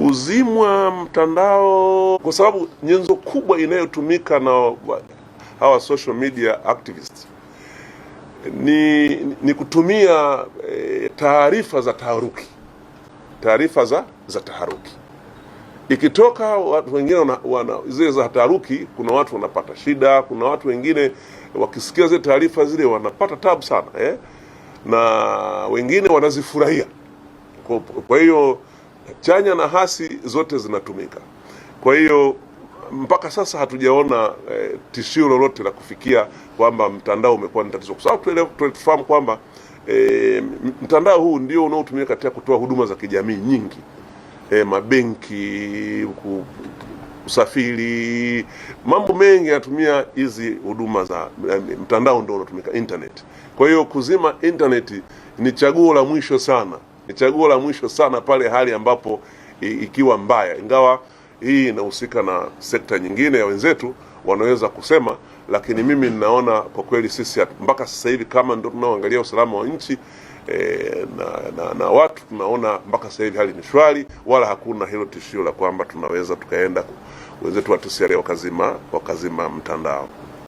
kuzimwa mtandao, kwa sababu nyenzo kubwa inayotumika na hawa social media activists ni, ni kutumia e, taarifa za taharuki, taarifa za, za taharuki. Ikitoka watu wengine wana, wana, zile za taharuki, kuna watu wanapata shida, kuna watu wengine wakisikia zile taarifa zile wanapata tabu sana eh? na wengine wanazifurahia kwa hiyo chanya na hasi zote zinatumika. Kwa hiyo mpaka sasa hatujaona eh, tishio lolote la kufikia kwamba mtandao umekuwa ni tatizo, kwa sababu tunafahamu kwamba eh, mtandao huu ndio unaotumika katika kutoa huduma za kijamii nyingi eh, mabenki, usafiri, mambo mengi yanatumia hizi huduma za eh, mtandao, ndio unatumika internet. Kwa hiyo kuzima internet ni chaguo la mwisho sana ni chaguo la mwisho sana pale hali ambapo ikiwa mbaya, ingawa hii inahusika na sekta nyingine ya wenzetu wanaweza kusema, lakini mimi ninaona kwa kweli sisi mpaka sasa hivi kama ndio tunaoangalia usalama wa nchi e, na, na, na watu tunaona mpaka sasa hivi hali ni shwari, wala hakuna hilo tishio la kwamba tunaweza tukaenda wenzetu wa TCRA wakazima wakazima mtandao.